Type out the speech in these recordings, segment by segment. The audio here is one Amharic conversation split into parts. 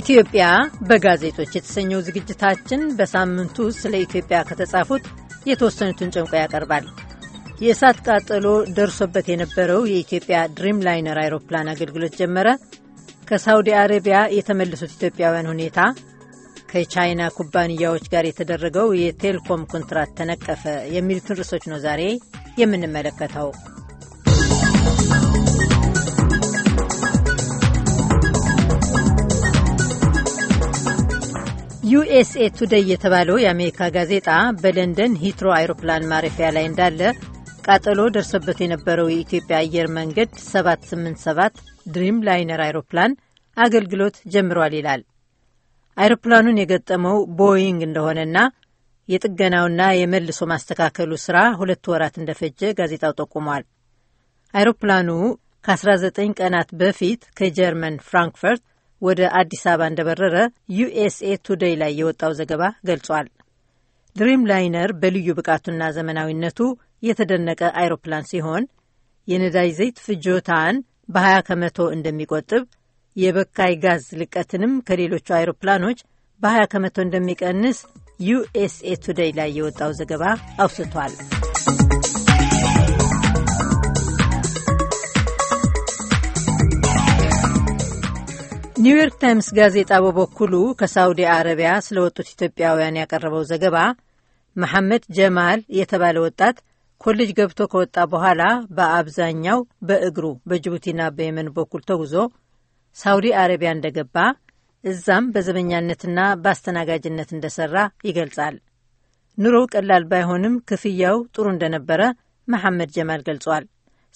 ኢትዮጵያ በጋዜጦች የተሰኘው ዝግጅታችን በሳምንቱ ስለ ኢትዮጵያ ከተጻፉት የተወሰኑትን ጨምቆ ያቀርባል። የእሳት ቃጠሎ ደርሶበት የነበረው የኢትዮጵያ ድሪም ላይነር አይሮፕላን አገልግሎት ጀመረ፣ ከሳውዲ አረቢያ የተመለሱት ኢትዮጵያውያን ሁኔታ፣ ከቻይና ኩባንያዎች ጋር የተደረገው የቴሌኮም ኮንትራት ተነቀፈ የሚሉትን ርዕሶች ነው ዛሬ የምንመለከተው። ዩኤስኤ ቱዴይ የተባለው የአሜሪካ ጋዜጣ በለንደን ሂትሮ አይሮፕላን ማረፊያ ላይ እንዳለ ቃጠሎ ደርሶበት የነበረው የኢትዮጵያ አየር መንገድ 787 ድሪም ላይነር አይሮፕላን አገልግሎት ጀምሯል ይላል። አይሮፕላኑን የገጠመው ቦይንግ እንደሆነና የጥገናውና የመልሶ ማስተካከሉ ሥራ ሁለት ወራት እንደፈጀ ጋዜጣው ጠቁሟል። አይሮፕላኑ ከ19 ቀናት በፊት ከጀርመን ፍራንክፈርት ወደ አዲስ አበባ እንደበረረ ዩኤስኤ ቱዴይ ላይ የወጣው ዘገባ ገልጿል። ድሪም ላይነር በልዩ ብቃቱና ዘመናዊነቱ የተደነቀ አይሮፕላን ሲሆን የነዳጅ ዘይት ፍጆታን በ20 ከመቶ እንደሚቆጥብ፣ የበካይ ጋዝ ልቀትንም ከሌሎቹ አይሮፕላኖች በ20 ከመቶ እንደሚቀንስ ዩኤስኤ ቱዴይ ላይ የወጣው ዘገባ አውስቷል። ኒውዮርክ ታይምስ ጋዜጣ በበኩሉ ከሳውዲ አረቢያ ስለወጡት ኢትዮጵያውያን ያቀረበው ዘገባ መሐመድ ጀማል የተባለ ወጣት ኮሌጅ ገብቶ ከወጣ በኋላ በአብዛኛው በእግሩ በጅቡቲና በየመን በኩል ተጉዞ ሳውዲ አረቢያ እንደገባ እዛም በዘበኛነትና በአስተናጋጅነት እንደሰራ ይገልጻል። ኑሮው ቀላል ባይሆንም ክፍያው ጥሩ እንደነበረ መሐመድ ጀማል ገልጿል።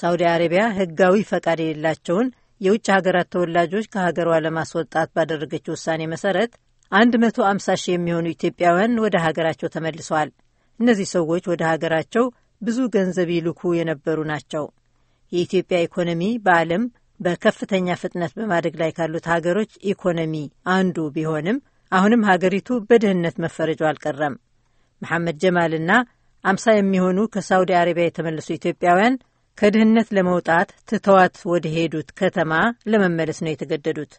ሳውዲ አረቢያ ሕጋዊ ፈቃድ የሌላቸውን የውጭ ሀገራት ተወላጆች ከሀገሯ ለማስወጣት ባደረገችው ውሳኔ መሰረት 150 ሺህ የሚሆኑ ኢትዮጵያውያን ወደ ሀገራቸው ተመልሰዋል። እነዚህ ሰዎች ወደ ሀገራቸው ብዙ ገንዘብ ይልኩ የነበሩ ናቸው። የኢትዮጵያ ኢኮኖሚ በዓለም በከፍተኛ ፍጥነት በማደግ ላይ ካሉት ሀገሮች ኢኮኖሚ አንዱ ቢሆንም አሁንም ሀገሪቱ በድህነት መፈረጁ አልቀረም። መሐመድ ጀማልና አምሳ የሚሆኑ ከሳውዲ አረቢያ የተመለሱ ኢትዮጵያውያን ከድህነት ለመውጣት ትተዋት ወደ ሄዱት ከተማ ለመመለስ ነው የተገደዱት።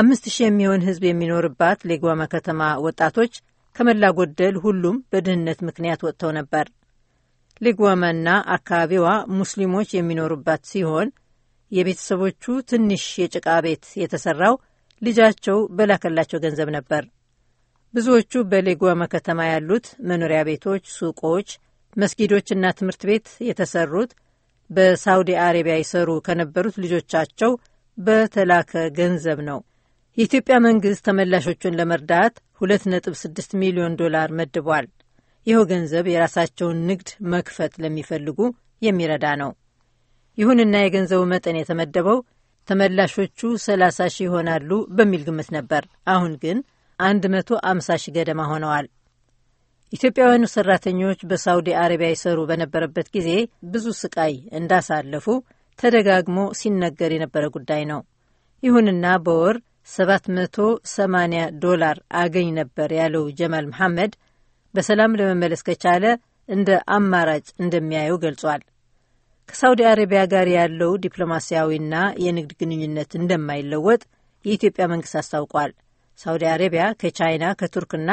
አምስት ሺህ የሚሆን ህዝብ የሚኖርባት ሌጓማ ከተማ ወጣቶች ከመላ ጎደል ሁሉም በድህነት ምክንያት ወጥተው ነበር። ሌጓማና አካባቢዋ ሙስሊሞች የሚኖሩባት ሲሆን የቤተሰቦቹ ትንሽ የጭቃ ቤት የተሰራው ልጃቸው በላከላቸው ገንዘብ ነበር። ብዙዎቹ በሌጓማ ከተማ ያሉት መኖሪያ ቤቶች፣ ሱቆች፣ መስጊዶችና ትምህርት ቤት የተሰሩት በሳውዲ አረቢያ ይሰሩ ከነበሩት ልጆቻቸው በተላከ ገንዘብ ነው። የኢትዮጵያ መንግሥት ተመላሾቹን ለመርዳት 2.6 ሚሊዮን ዶላር መድቧል። ይኸው ገንዘብ የራሳቸውን ንግድ መክፈት ለሚፈልጉ የሚረዳ ነው። ይሁንና የገንዘቡ መጠን የተመደበው ተመላሾቹ 30 ሺህ ይሆናሉ በሚል ግምት ነበር። አሁን ግን 150 ሺህ ገደማ ሆነዋል። ኢትዮጵያውያኑ ሰራተኞች በሳውዲ አረቢያ ይሰሩ በነበረበት ጊዜ ብዙ ስቃይ እንዳሳለፉ ተደጋግሞ ሲነገር የነበረ ጉዳይ ነው። ይሁንና በወር 780 ዶላር አገኝ ነበር ያለው ጀማል መሐመድ በሰላም ለመመለስ ከቻለ እንደ አማራጭ እንደሚያየው ገልጿል። ከሳውዲ አረቢያ ጋር ያለው ዲፕሎማሲያዊና የንግድ ግንኙነት እንደማይለወጥ የኢትዮጵያ መንግስት አስታውቋል። ሳውዲ አረቢያ ከቻይና ከቱርክና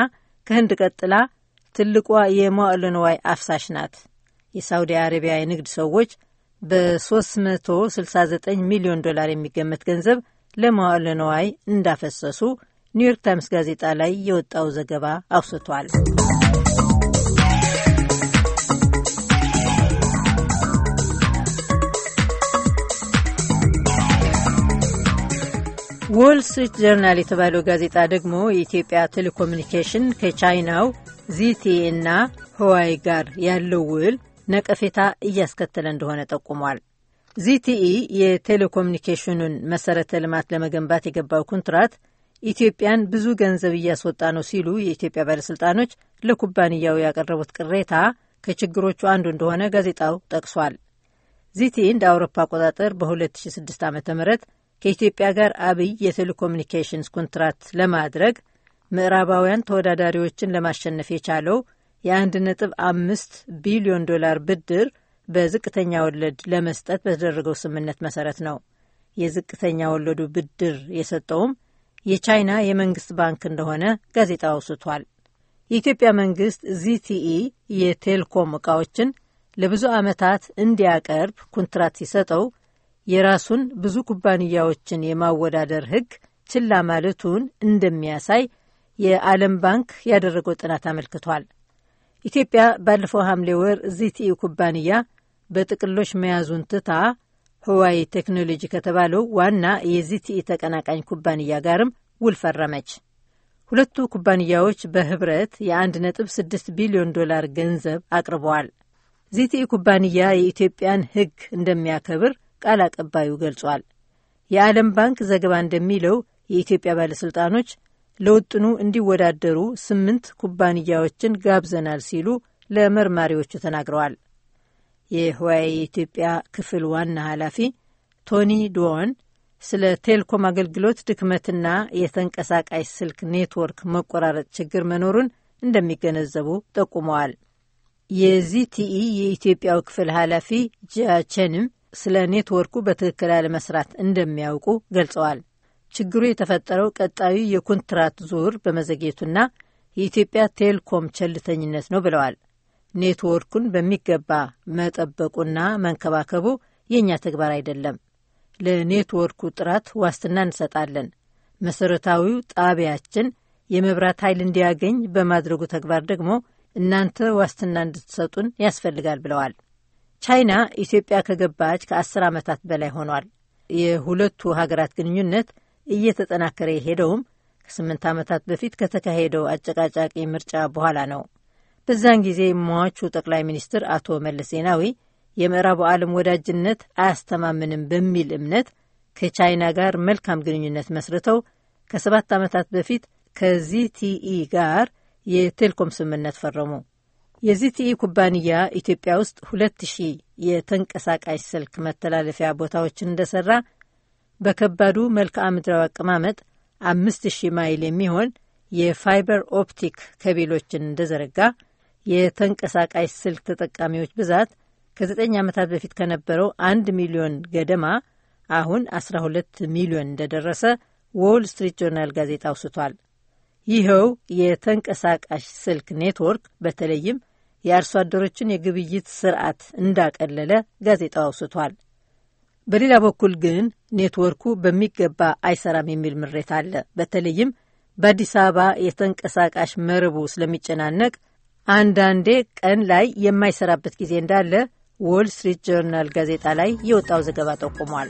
ከህንድ ቀጥላ ትልቋ የመዋዕለ ንዋይ አፍሳሽ ናት። የሳውዲ አረቢያ የንግድ ሰዎች በ369 ሚሊዮን ዶላር የሚገመት ገንዘብ ለመዋዕለ ንዋይ እንዳፈሰሱ ኒውዮርክ ታይምስ ጋዜጣ ላይ የወጣው ዘገባ አውስቷል። ዎል ስትሪት ጀርናል የተባለው ጋዜጣ ደግሞ የኢትዮጵያ ቴሌኮሙኒኬሽን ከቻይናው ዚቲኢ እና ህዋይ ጋር ያለው ውል ነቀፌታ እያስከተለ እንደሆነ ጠቁሟል። ዚቲኢ የቴሌኮሙኒኬሽኑን መሠረተ ልማት ለመገንባት የገባው ኮንትራት ኢትዮጵያን ብዙ ገንዘብ እያስወጣ ነው ሲሉ የኢትዮጵያ ባለሥልጣኖች ለኩባንያው ያቀረቡት ቅሬታ ከችግሮቹ አንዱ እንደሆነ ጋዜጣው ጠቅሷል። ዚቲኢ እንደ አውሮፓ አቆጣጠር በ2006 ዓ ም ከኢትዮጵያ ጋር አብይ የቴሌኮሙኒኬሽንስ ኮንትራት ለማድረግ ምዕራባውያን ተወዳዳሪዎችን ለማሸነፍ የቻለው የአንድ ነጥብ አምስት ቢሊዮን ዶላር ብድር በዝቅተኛ ወለድ ለመስጠት በተደረገው ስምምነት መሰረት ነው። የዝቅተኛ ወለዱ ብድር የሰጠውም የቻይና የመንግስት ባንክ እንደሆነ ጋዜጣ አውስቷል። የኢትዮጵያ መንግስት ዚቲኢ የቴልኮም እቃዎችን ለብዙ ዓመታት እንዲያቀርብ ኩንትራት ሲሰጠው የራሱን ብዙ ኩባንያዎችን የማወዳደር ሕግ ችላ ማለቱን እንደሚያሳይ የዓለም ባንክ ያደረገው ጥናት አመልክቷል። ኢትዮጵያ ባለፈው ሐምሌ ወር ዚቲኢ ኩባንያ በጥቅሎች መያዙን ትታ ህዋይ ቴክኖሎጂ ከተባለው ዋና የዚቲኢ ተቀናቃኝ ኩባንያ ጋርም ውል ፈረመች። ሁለቱ ኩባንያዎች በህብረት የ1.6 ቢሊዮን ዶላር ገንዘብ አቅርበዋል። ዚቲኢ ኩባንያ የኢትዮጵያን ሕግ እንደሚያከብር ቃል አቀባዩ ገልጿል። የዓለም ባንክ ዘገባ እንደሚለው የኢትዮጵያ ባለሥልጣኖች ለውጥኑ እንዲወዳደሩ ስምንት ኩባንያዎችን ጋብዘናል ሲሉ ለመርማሪዎቹ ተናግረዋል። የህዋይ የኢትዮጵያ ክፍል ዋና ኃላፊ ቶኒ ድዋን ስለ ቴሌኮም አገልግሎት ድክመትና የተንቀሳቃሽ ስልክ ኔትወርክ መቆራረጥ ችግር መኖሩን እንደሚገነዘቡ ጠቁመዋል። የዚቲኢ የኢትዮጵያው ክፍል ኃላፊ ጃቸንም ስለ ኔትወርኩ በትክክል አለመስራት እንደሚያውቁ ገልጸዋል። ችግሩ የተፈጠረው ቀጣዩ የኮንትራት ዙር በመዘግየቱና የኢትዮጵያ ቴሌኮም ቸልተኝነት ነው ብለዋል። ኔትወርኩን በሚገባ መጠበቁና መንከባከቡ የእኛ ተግባር አይደለም። ለኔትወርኩ ጥራት ዋስትና እንሰጣለን። መሠረታዊው ጣቢያችን የመብራት ኃይል እንዲያገኝ በማድረጉ ተግባር ደግሞ እናንተ ዋስትና እንድትሰጡን ያስፈልጋል ብለዋል። ቻይና ኢትዮጵያ ከገባች ከአስር ዓመታት በላይ ሆኗል። የሁለቱ ሀገራት ግንኙነት እየተጠናከረ የሄደውም ከስምንት ዓመታት በፊት ከተካሄደው አጨቃጫቂ ምርጫ በኋላ ነው። በዛን ጊዜ ሟቹ ጠቅላይ ሚኒስትር አቶ መለስ ዜናዊ የምዕራቡ ዓለም ወዳጅነት አያስተማምንም በሚል እምነት ከቻይና ጋር መልካም ግንኙነት መስርተው ከሰባት ዓመታት በፊት ከዚቲኢ ጋር የቴሌኮም ስምምነት ፈረሙ። የዚቲኢ ኩባንያ ኢትዮጵያ ውስጥ ሁለት ሺህ የተንቀሳቃሽ ስልክ መተላለፊያ ቦታዎችን እንደሰራ በከባዱ መልክዓ ምድራዊ አቀማመጥ አምስት ሺህ ማይል የሚሆን የፋይበር ኦፕቲክ ከቤሎችን እንደዘረጋ የተንቀሳቃሽ ስልክ ተጠቃሚዎች ብዛት ከዘጠኝ ዓመታት በፊት ከነበረው አንድ ሚሊዮን ገደማ አሁን ሁለት ሚሊዮን እንደደረሰ ዎል ስትሪት ጆርናል ጋዜጣ አውስቷል። ይኸው የተንቀሳቃሽ ስልክ ኔትወርክ በተለይም የአርሶ አደሮችን የግብይት ስርዓት እንዳቀለለ ጋዜጣው አውስቷል። በሌላ በኩል ግን ኔትወርኩ በሚገባ አይሰራም የሚል ምሬት አለ። በተለይም በአዲስ አበባ የተንቀሳቃሽ መረቡ ስለሚጨናነቅ አንዳንዴ ቀን ላይ የማይሰራበት ጊዜ እንዳለ ዎል ስትሪት ጆርናል ጋዜጣ ላይ የወጣው ዘገባ ጠቁሟል።